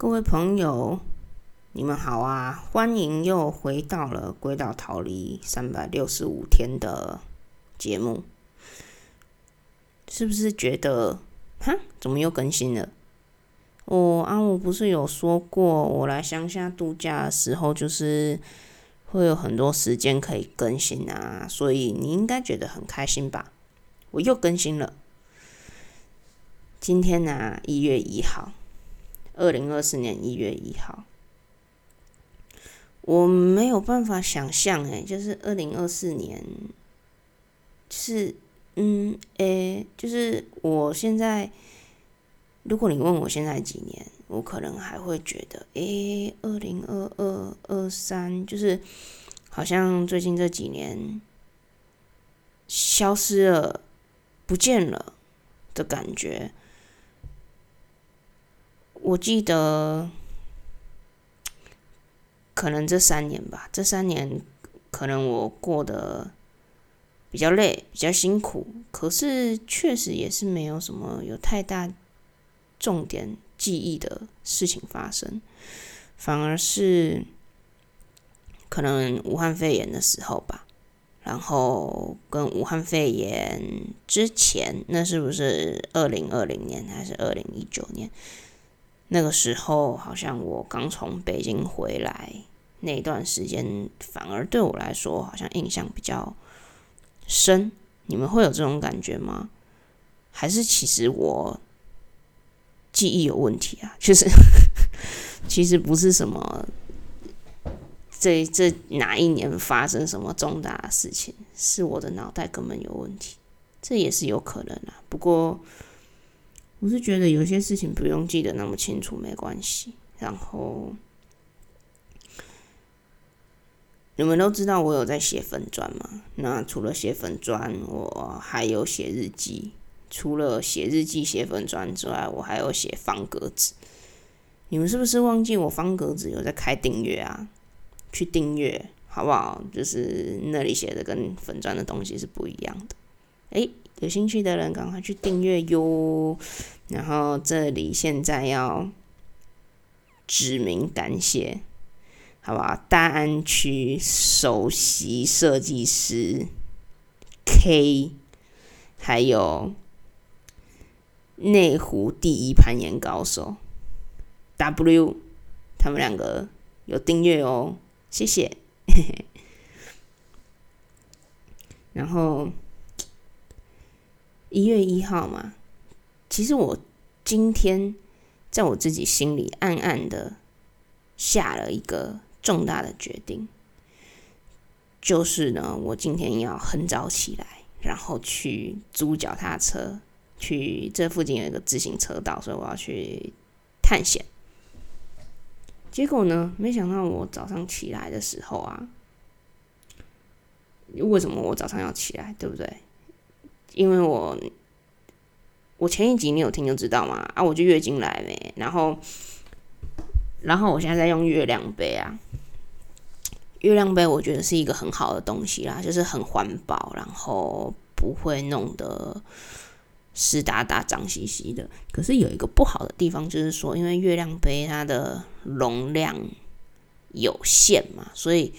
各位朋友，你們好啊！歡迎又回到了《鬼島逃離三百六十五天》的節目，是不是覺得哼，怎麼又更新了？我、哦、阿、啊、我不是有說過，我來鄉下度假的時候，就是會有很多時間可以更新啊，所以你應該覺得很開心吧？我又更新了，今天呢、啊，一月一號。二零二四年一月一號，我沒有辦法想象哎、欸，就是二零二四年，就是嗯哎、欸，就是我現在，如果你問我現在幾年，我可能還會覺得哎，二零二二二三，2022, 23, 就是好像最近這幾年消失了，不見了的感覺。我記得可能這三年吧，這三年可能我過得比較累，比較辛苦。可是確實也是沒有什麼有太大重點記憶的事情發生，反而是可能武漢肺炎的時候吧，然後跟武漢肺炎之前，那是不是二零二零年還是二零一九年？那個時候好像我剛從北京回來，那段時間反而對我來說好像印象比較深。你們會有這種感覺嗎？還是其實我記憶有問題啊？就是、 其實不是什麼這這哪一年發生什麼重大的事情，是我的腦袋根本有問題，這也是有可能的、啊。不過。我是覺得有些事情不用記得那麼清楚，沒關係。然後，你們都知道我有在寫粉專嘛，那除了寫粉專，我還有寫日記。除了寫日記、寫粉專之外，我還有寫方格子。你們是不是忘記我方格子有在開訂閱啊？去訂閱好不好？就是那裡寫的跟粉專的東西是不一樣的。誒、欸。有興趣的人趕快去訂閱喲！然後這裡現在要指名感謝，好吧？大安區首席設計師 K，還有內湖第一攀岩高手 W，他們兩個有訂閱哦，謝謝。 然後。一月一號嘛，其實我今天在我自己心裡暗暗的下了一個重大的決定，就是呢，我今天要很早起來，然後去租腳踏車，去這附近有一個自行車道，所以我要去探險。結果呢，沒想到我早上起來的時候啊，為什麼我早上要起來，對不對？因為我，我前一集你有聽就知道嘛，啊，我就月經來唄，然後，然後我現在在用月亮杯啊，月亮杯我覺得是一個很好的東西啦，就是很環保，然後不會弄得濕噠噠、髒兮兮的。可是有一個不好的地方，就是說，因為月亮杯它的容量有限嘛，所以。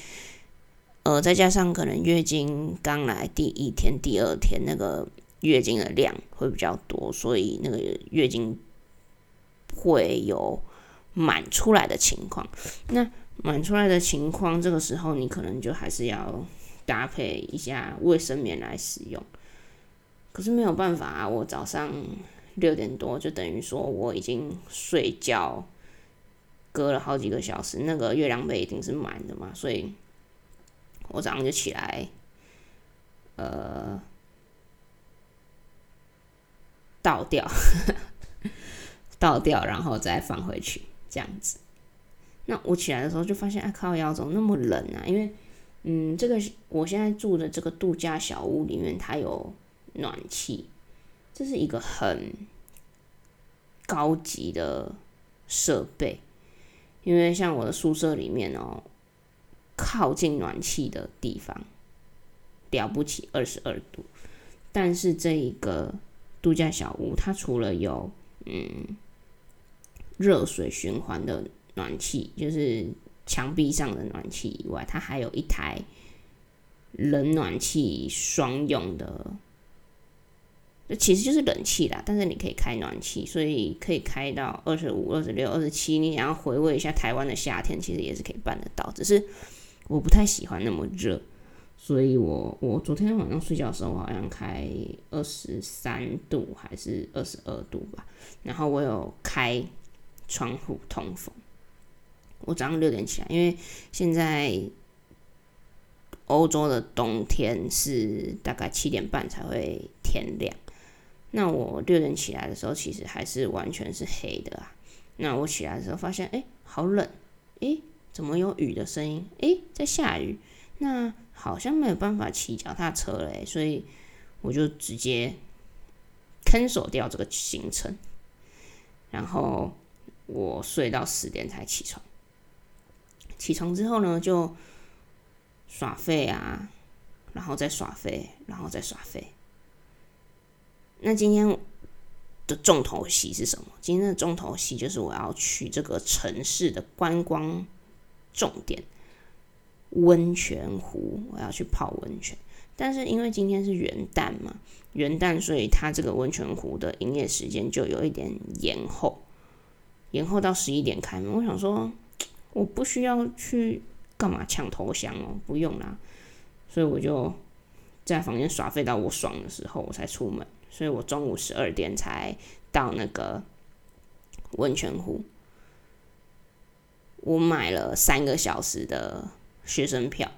呃，再加上可能月經剛來第一天、第二天那個月經的量會比較多，所以那個月經會有滿出來的情況。那滿出來的情況，這個時候你可能就還是要搭配一下衛生棉來使用。可是沒有辦法啊，我早上六點多就等於說我已經睡覺隔了好幾個小時，那個月亮杯一定是滿的嘛，所以。我早上就起來，呃，倒掉呵呵，倒掉，然後再放回去，這樣子。那我起來的時候就發現，啊，靠腰，怎麼那麼冷啊？因為，嗯，這個我現在住的這個度假小屋裡面，它有暖氣，這是一個很高級的設備。因為像我的宿舍裡面哦。靠近暖氣的地方，了不起，二十二度。但是這一個度假小屋，它除了有嗯熱水循環的暖氣，就是牆壁上的暖氣以外，它還有一台冷暖氣雙用的。這其實就是冷氣啦，但是你可以開暖氣，所以可以開到二十五、二十六、二十七。你想要回味一下台灣的夏天，其實也是可以辦得到，只是。我不太喜歡那麼熱，所以我我昨天晚上睡覺的時候，我好像開二十三度還是二十二度吧，然後我有開窗戶通風。我早上六點起來，因為現在歐洲的冬天是大概七點半才會天亮。那我六點起來的時候，其實還是完全是黑的啊。那我起來的時候發現，欸，好冷，欸。怎麼有雨的聲音？誒、欸，在下雨。那好像沒有辦法騎腳踏車了欸，所以我就直接 cancel 掉這個行程。然後我睡到十點才起床。起床之後呢，就耍廢啊，然後再耍廢，然後再耍廢。那今天的重頭戲是什麼？今天的重頭戲就是我要去這個城市的觀光。重點，溫泉湖，我要去泡溫泉。但是因為今天是元旦嘛，元旦，所以他這個溫泉湖的營業時間就有一點延後，延後到十一點開門。我想說，我不需要去幹嘛搶頭香哦，不用啦。所以我就在房間耍廢到我爽的時候，我才出門。所以我中午十二點才到那個溫泉湖。我買了三個小時的學生票。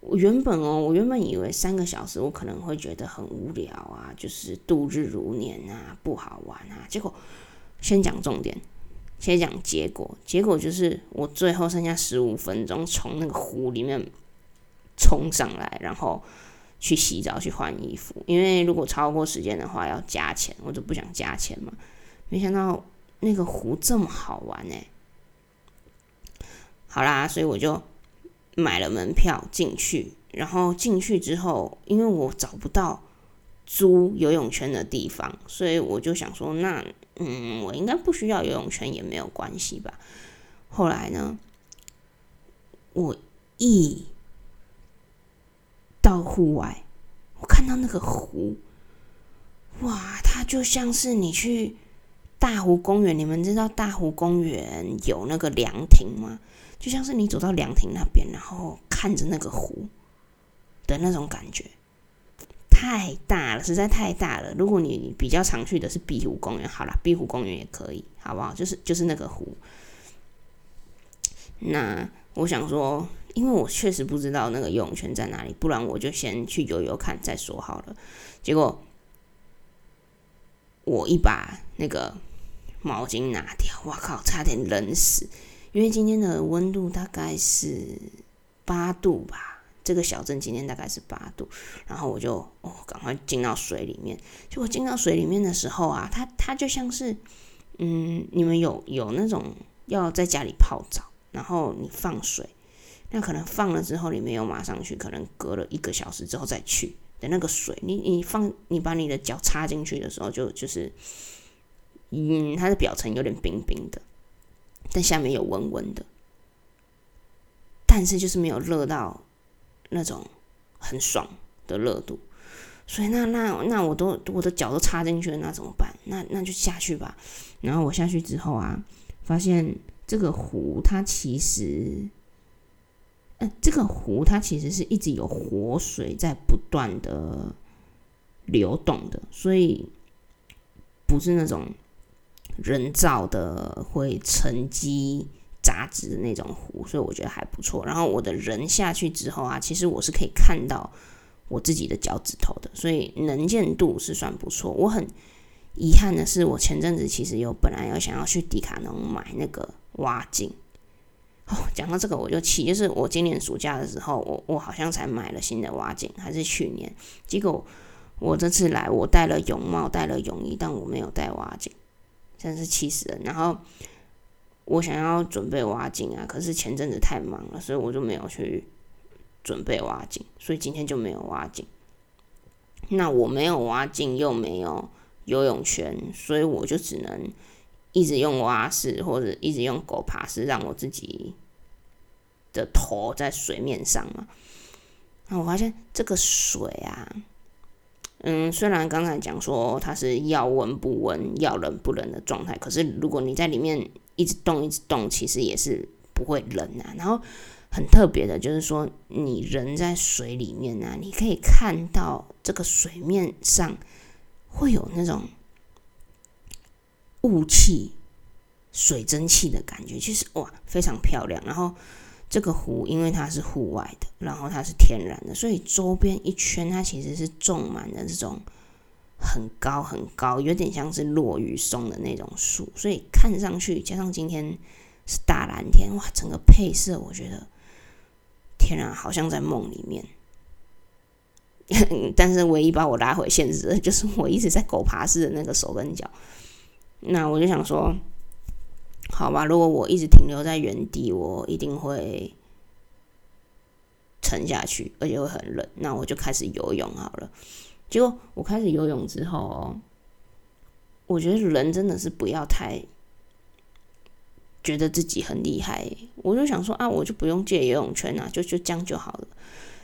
我原本哦、喔，我原本以為三個小時我可能會覺得很無聊啊，就是度日如年啊，不好玩啊。結果先講重點，先講結果，結果就是我最後剩下十五分鐘，從那個湖裡面衝上來，然後去洗澡、去換衣服。因為如果超過時間的話要加錢，我就不想加錢嘛。沒想到。那個湖這麼好玩呢、欸。好啦，所以我就買了門票進去。然後進去之後，因為我找不到租游泳圈的地方，所以我就想說，那嗯，我應該不需要游泳圈也沒有關係吧。後來呢，我一到戶外，我看到那個湖，哇，它就像是你去。大湖公園，你們知道大湖公園有那個涼亭嗎？就像是你走到涼亭那邊，然後看着那個湖的那種感覺，太大了，實在太大了。如果你，你比較常去的是碧湖公園，好啦，碧湖公園也可以，好不好？就是就是那個湖。那我想說，因為我確實不知道那個游泳圈在哪裡，不然我就先去游游看再說好了。結果我一把那個。毛巾拿掉，我靠，差點冷死！因為今天的溫度大概是八度吧，這個小鎮今天大概是八度。然後我就哦，趕快進到水裡面。就我進到水裡面的時候啊，它它就像是，嗯，你們有有那種要在家裡泡澡，然後你放水，那可能放了之後，你沒有馬上去，可能隔了一個小時之後再去的那個水，你你放你把你的腳插進去的時候就，就就是。嗯，它的表層有點冰冰的，但下面有溫溫的，但是就是沒有熱到那種很爽的熱度。所以那，那那那我都我的腳都插進去了，那怎麼辦？那那就下去吧。然後我下去之後啊，發現這個湖它其實，欸，這個湖它其實是一直有活水在不斷的流動的，所以不是那種。人造的會沉積雜質的那種湖，所以我覺得還不錯。然後我的人下去之後啊，其實我是可以看到我自己的腳趾頭的，所以能見度是算不錯。我很遺憾的是，我前陣子其實有本來要想要去迪卡儂買那個蛙鏡。哦，講到這個我就氣，就是我今年暑假的時候，我我好像才買了新的蛙鏡，還是去年。結果我，我這次來，我戴了泳帽，戴了泳衣，但我沒有戴蛙鏡。真是氣死人！然後我想要準備挖井啊，可是前陣子太忙了，所以我就沒有去準備挖井，所以今天就沒有挖井。那我沒有挖井，又沒有游泳圈，所以我就只能一直用蛙式或者一直用狗爬式，讓我自己的頭在水面上嘛。那我發現這個水啊。嗯，雖然剛才講說它是要溫不溫，要冷不冷的狀態，可是如果你在裡面一直動，一直動，其實也是不會冷啊。然後很特別的就是說，你人在水裡面啊，你可以看到這個水面上會有那種霧氣、水蒸氣的感覺，其實，哇，非常漂亮。然後。這個湖因為它是戶外的，然後它是天然的，所以周邊一圈它其實是種滿了這種很高很高，有點像是落羽松的那種樹，所以看上去加上今天是大藍天，哇，整個配色我覺得天啊，好像在夢裡面。 但是唯一把我拉回現實的就是我一直在狗爬式的那個手跟腳，那我就想說。好吧，如果我一直停留在原地，我一定會沉下去，而且會很冷。那我就開始游泳好了。結果我開始游泳之後，我覺得人真的是不要太覺得自己很厲害。我就想說啊，我就不用借游泳圈啊，就就這樣就好了。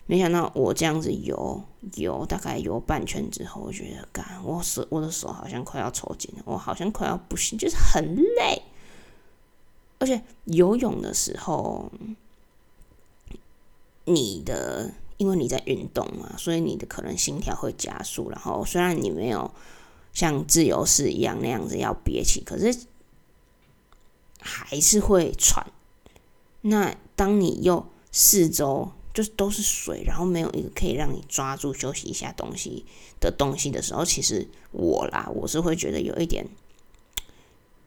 沒想到我這樣子游游，大概游半圈之後，我覺得，幹，我手我的手好像快要抽筋了，我好像快要不行，就是很累。而且游泳的時候，你的因為你在運動嘛，所以你的可能心跳會加速，然後雖然你沒有像自由式一樣那樣子要憋氣，可是還是會喘。那當你又四周就是都是水，然後沒有一個可以讓你抓住休息一下東西的東西的時候，其實我啦，我是會覺得有一點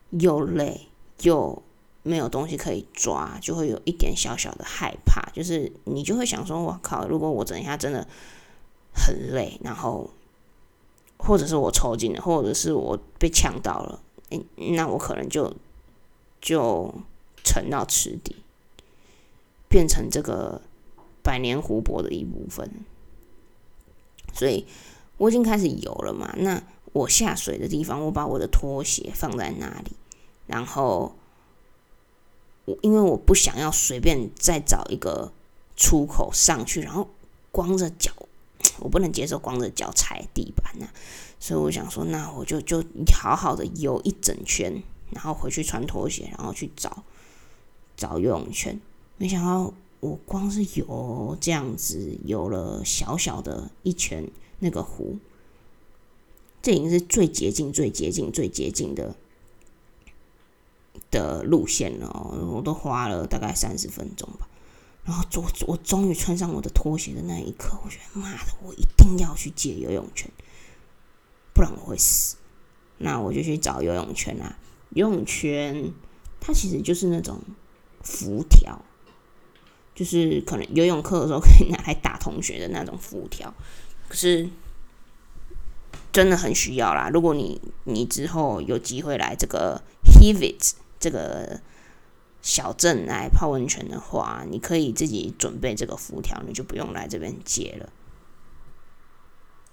又累又。沒有東西可以抓，就會有一點小小的害怕，就是你就會想說：“我靠！如果我等一下真的很累，然後或者是我抽筋了，或者是我被嗆到了，哎，那我可能就就沉到池底，變成這個百年湖泊的一部分。”所以我已經開始游了嘛。那我下水的地方，我把我的拖鞋放在那裡，然後。我因為我不想要隨便再找一個出口上去，然後光着腳，我不能接受光着腳踩地板呢、啊，所以我想說，那我就就好好的游一整圈，然後回去穿拖鞋，然後去找找游泳圈。沒想到我光是游這樣子，游了小小的一圈那個湖，這已經是最接近、最接近、最接近的的路線哦，我都花了大概三十分鐘吧。然後我，終我終於穿上我的拖鞋的那一刻，我覺得媽的，我一定要去借游泳圈，不然我會死。那我就去找游泳圈啦、啊。游泳圈它其實就是那種浮條，就是可能游泳課的時候可以拿來打同學的那種浮條。可是真的很需要啦。如果你你之後有機會來這個 Hévíz。這個小鎮來泡溫泉的話，你可以自己準備這個浮條，你就不用來這邊借了。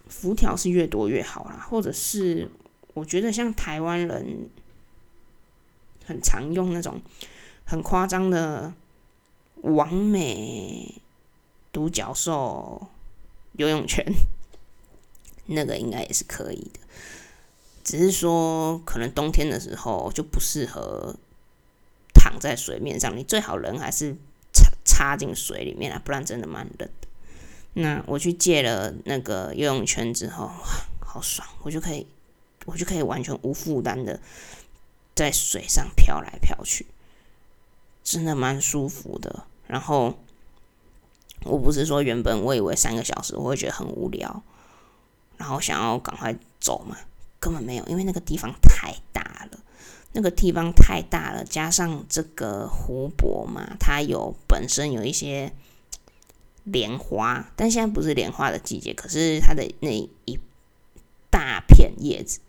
浮條是越多越好啦，或者是我覺得像台灣人很常用那種很誇張的完美獨角獸游泳圈，那個應該也是可以的。只是說，可能冬天的時候就不適合躺在水面上。你最好人還是插插進水裡面啊，不然真的蠻冷的。那我去借了那個游泳圈之後，哇，好爽！我就可以，我就可以完全無負擔的在水上飄來飄去，真的蠻舒服的。然後我不是說原本我以為三個小時我會覺得很無聊，然後想要趕快走嘛。根本沒有，因為那個地方太大了。那個地方太大了，加上這個湖泊嘛，它有本身有一些蓮花，但現在不是蓮花的季節。可是它的那一大片葉子，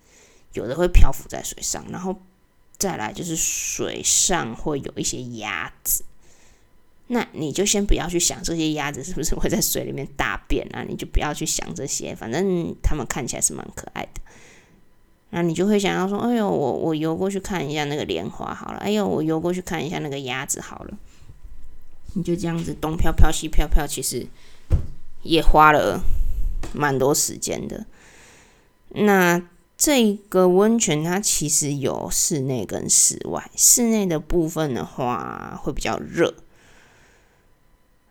有的會漂浮在水上。然後再來就是水上會有一些鴨子。那你就先不要去想這些鴨子是不是會在水裡面大便啊？你就不要去想這些，反正它們看起來是蠻可愛的。那你就會想要說：“哎呦，我我游過去看一下那個蓮花好了。”“哎呦，我游過去看一下那個鴨子好了。”你就這樣子東飄飄西飄飄，其實也花了蠻多時間的。那這個溫泉它其實有室內跟室外，室內的部分的話會比較熱。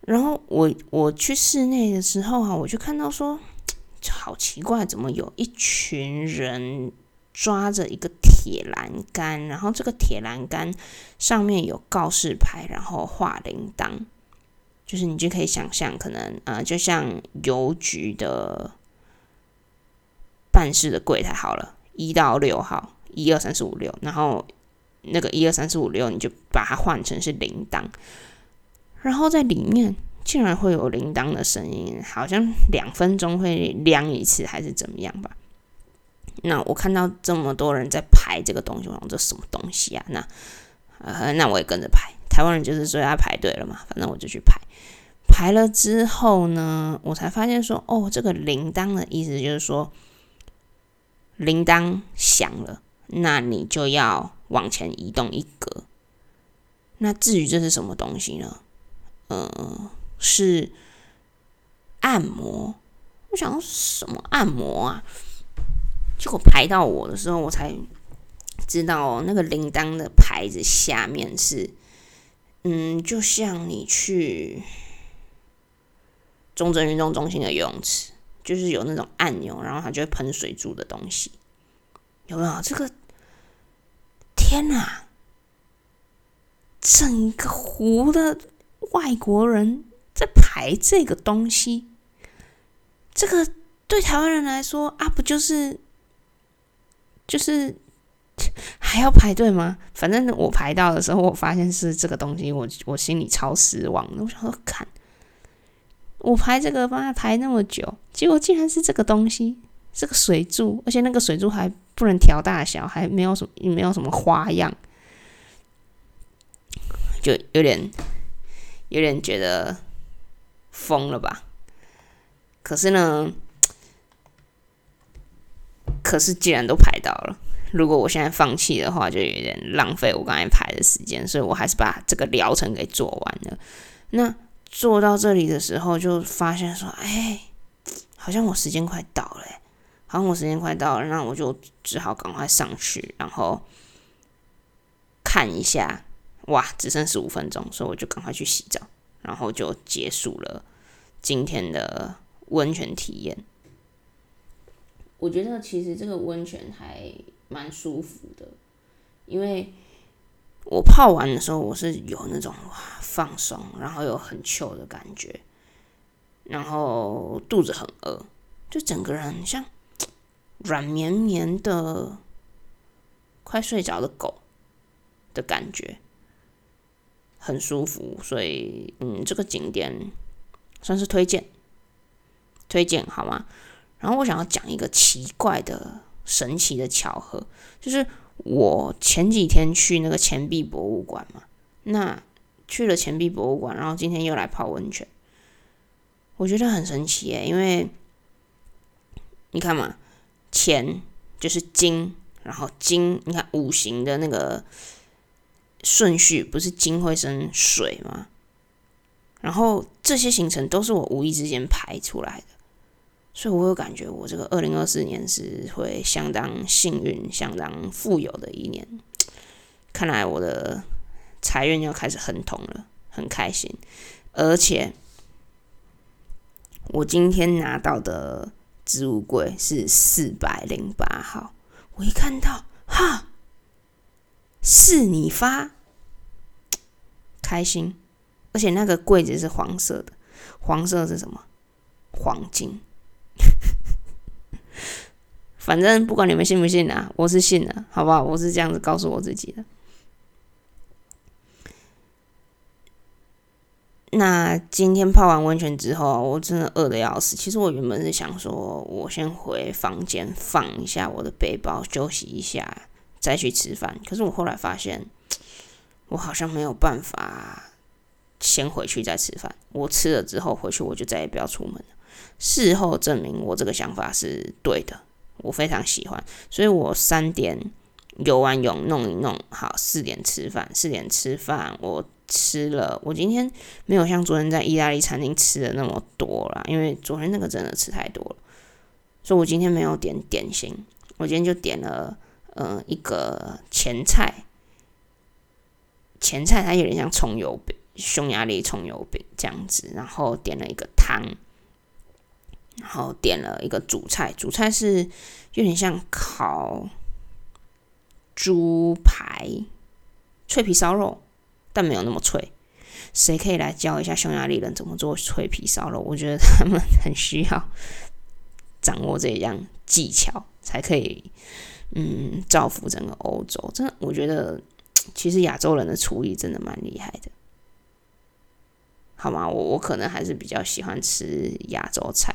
然後我我去室內的時候哈、啊，我就看到說，好奇怪，怎麼有一群人，抓着一個鐵欄杆，然後這個鐵欄杆上面有告示牌，然後畫鈴鐺，就是你就可以想象，可能呃，就像郵局的辦事的櫃檯好了，一到六號，一二三四五六，然後那個一二三四五六你就把它換成是鈴鐺，然後在裡面竟然會有鈴鐺的聲音，好像兩分鐘會亮一次，還是怎麼樣吧。那我看到這麼多人在排這個東西，我想這什麼東西啊？那呃，那我也跟着排。台灣人就是說要排隊了嘛，反正我就去排。排了之後呢，我才發現說，哦，這個鈴鐺的意思就是說鈴鐺響了，那你就要往前移動一格。那至於這是什麼東西呢？呃，是按摩。我想什麼按摩啊？結果排到我的時候，我才知道那個鈴鐺的牌子下面是，嗯，就像你去，中正運動中心的游泳池，就是有那種按鈕，然後它就會噴水柱的東西，有沒有？這個天哪！整個湖的外國人在排這個東西，這個對台灣人來說啊，不就是？就是還要排隊嗎？反正我排到的時候，我發現是這個東西，我我心裡超失望的。我想說看，我排這個，幫他排那麼久，結果竟然是這個東西，這個水柱，而且那個水柱還不能調大小，還沒有什麼，也沒有什麼花樣，就有點有點覺得瘋了吧？可是呢。可是既然都排到了，如果我現在放棄的話，就有點浪費我剛才排的時間，所以我還是把這個療程給做完了。那做到這裡的時候，就發現說，哎、欸，好像我時間快到了、欸，好像我時間快到了，那我就只好趕快上去，然後看一下，哇，只剩十五分鐘，所以我就趕快去洗澡，然後就結束了今天的溫泉體驗。我覺得其實這個溫泉還蠻舒服的，因為我泡完的時候我是有那種放鬆，然後有很 chill 的感覺，然後肚子很餓，就整個人像軟綿綿的、快睡着的狗的感覺，很舒服。所以，嗯，這個景點算是推薦，推薦好嗎？然後我想要講一個奇怪的、神奇的巧合，就是我前幾天去那個錢幣博物館嘛，那去了錢幣博物館，然後今天又來泡溫泉，我覺得很神奇耶。因為你看嘛，錢就是金，然後金你看五行的那個順序不是金會生水嗎？然後這些行程都是我無意之間排出來的。所以，我有感覺，我這個二零二四年是會相當幸運、相當富有的一年。看來我的財運要開始亨通了，很開心。而且，我今天拿到的置物櫃是四百零八號。我一看到，哈、啊，是你發，開心。而且那個櫃子是黃色的，黃色是什麼？黃金。反正不管你們信不信啊，我是信的，好不好？我是這樣子告訴我自己的。那今天泡完溫泉之後，我真的餓得要死。其實我原本是想說，我先回房間放一下我的背包，休息一下再去吃飯。可是我後來發現，我好像沒有辦法先回去再吃飯。我吃了之後回去，我就再也不要出門了。事後證明，我這個想法是對的。我非常喜歡，所以我三點游完泳弄一弄，好，四點吃飯。四點吃飯，我吃了。我今天沒有像昨天在意大利餐廳吃的那麼多了，因為昨天那個真的吃太多了，所以我今天沒有點點心。我今天就點了呃一個前菜，前菜它有點像蔥油餅，匈牙利蔥油餅這樣子，然後點了一個湯。然後點了一個主菜，主菜是有點像烤豬排、脆皮燒肉，但沒有那麼脆。誰可以來教一下匈牙利人怎麼做脆皮燒肉？我覺得他們很需要掌握這一樣技巧，才可以嗯造福整個歐洲。真的，我覺得其實亞洲人的廚藝真的蠻厲害的，好嗎？我我可能還是比較喜歡吃亞洲菜。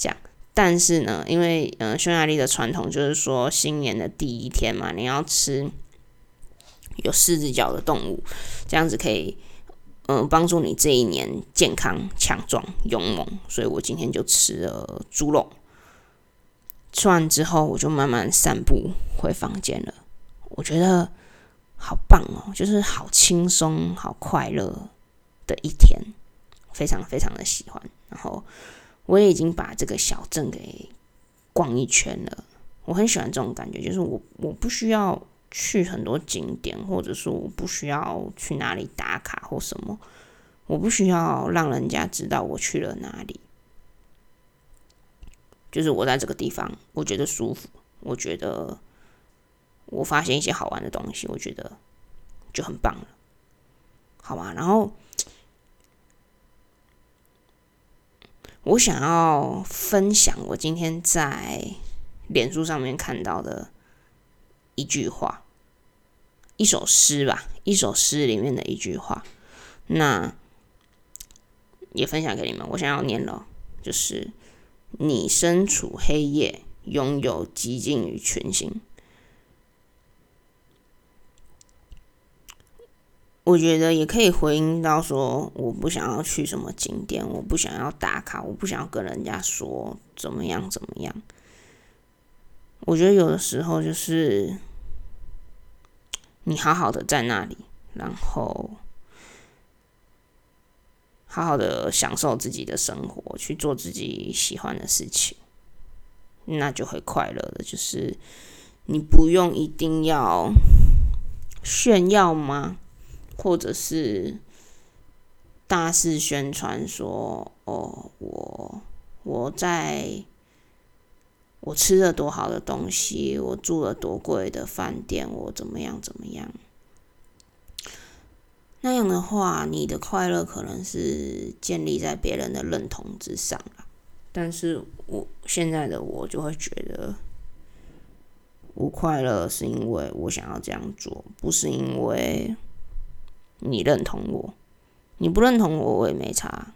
這樣，但是呢，因為嗯、呃，匈牙利的傳統就是說，新年的第一天嘛，你要吃有四隻腳的動物，這樣子可以嗯、呃、幫助你這一年健康、強壯、勇猛。所以我今天就吃了豬肉。吃完之後，我就慢慢散步回房間了。我覺得好棒哦，就是好輕鬆、好快樂的一天，非常非常的喜歡。然後。我也已經把這個小鎮給逛一圈了，我很喜歡這種感覺，就是我我不需要去很多景點，或者說我不需要去哪裡打卡或什麼，我不需要讓人家知道我去了哪裡，就是我在這個地方，我覺得舒服，我覺得我發現一些好玩的東西，我覺得就很棒了，好吧？然後。我想要分享我今天在臉書上面看到的一句話，一首詩吧，一首詩裡面的一句話，那也分享給你們。我想要念了，就是“你身處黑夜，擁有寂靜與群星我覺得也可以回應到說，我不想要去什麼景點，我不想要打卡，我不想要跟人家說怎麼樣怎麼樣。我覺得有的時候就是，你好好的在那裡，然後好好的享受自己的生活，去做自己喜歡的事情，那就會快樂的。就是你不用一定要炫耀嗎？或者是大肆宣傳說：“哦，我我在我吃了多好的東西，我住了多貴的飯店，我怎麼樣怎麼樣。”那樣的話，你的快樂可能是建立在別人的認同之上。但是我，我現在的我就會覺得，我快樂是因為我想要這樣做，不是因為。你認同我，你不認同我，我也沒差，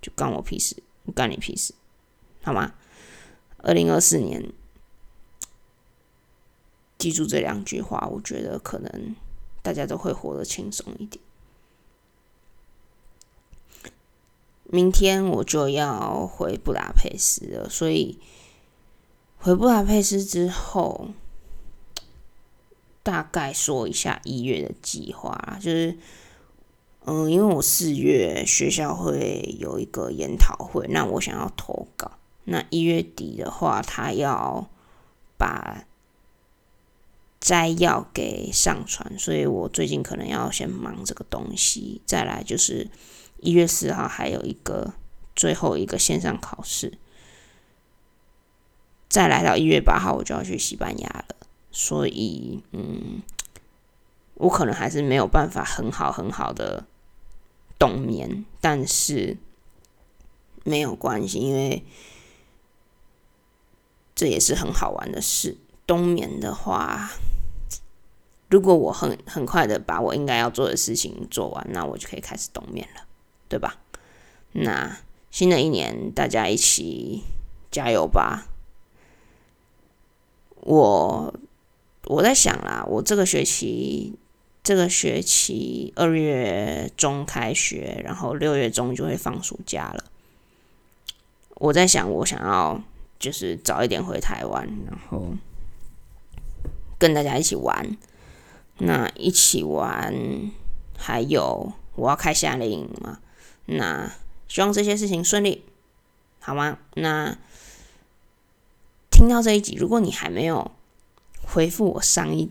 就干我屁事，干你屁事，好嗎？二零二四年，記住這兩句話，我覺得可能大家都會活得輕鬆一點。明天我就要回布達佩斯了，所以回布達佩斯之後。大概說一下一月的計劃啊，就是嗯、呃，因為我四月學校會有一個研討會，那我想要投稿。那一月底的話，他要把摘要給上傳，所以我最近可能要先忙這個東西。再來就是一月四號還有一個最後一個線上考試，再來到一月八號我就要去西班牙了。所以，嗯，我可能還是沒有辦法很好很好的冬眠，但是沒有關係，因為這也是很好玩的事。冬眠的話，如果我很很快的把我應該要做的事情做完，那我就可以開始冬眠了，對吧？那新的一年，大家一起加油吧！我。我在想啦，我這個學期，這個學期二月中開學，然後六月中就會放暑假了。我在想，我想要就是早一點回台灣，然後跟大家一起玩。那一起玩，還有我要開夏令營嘛。那希望這些事情順利，好嗎？那聽到這一集，如果你還沒有。回復我上一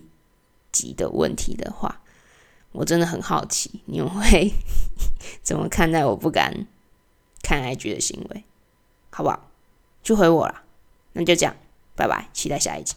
集的問題的話，我真的很好奇你們會 怎麼看待我不敢看 IG 的行為，好不好？就回我啦，那就這樣，拜拜，期待下一集。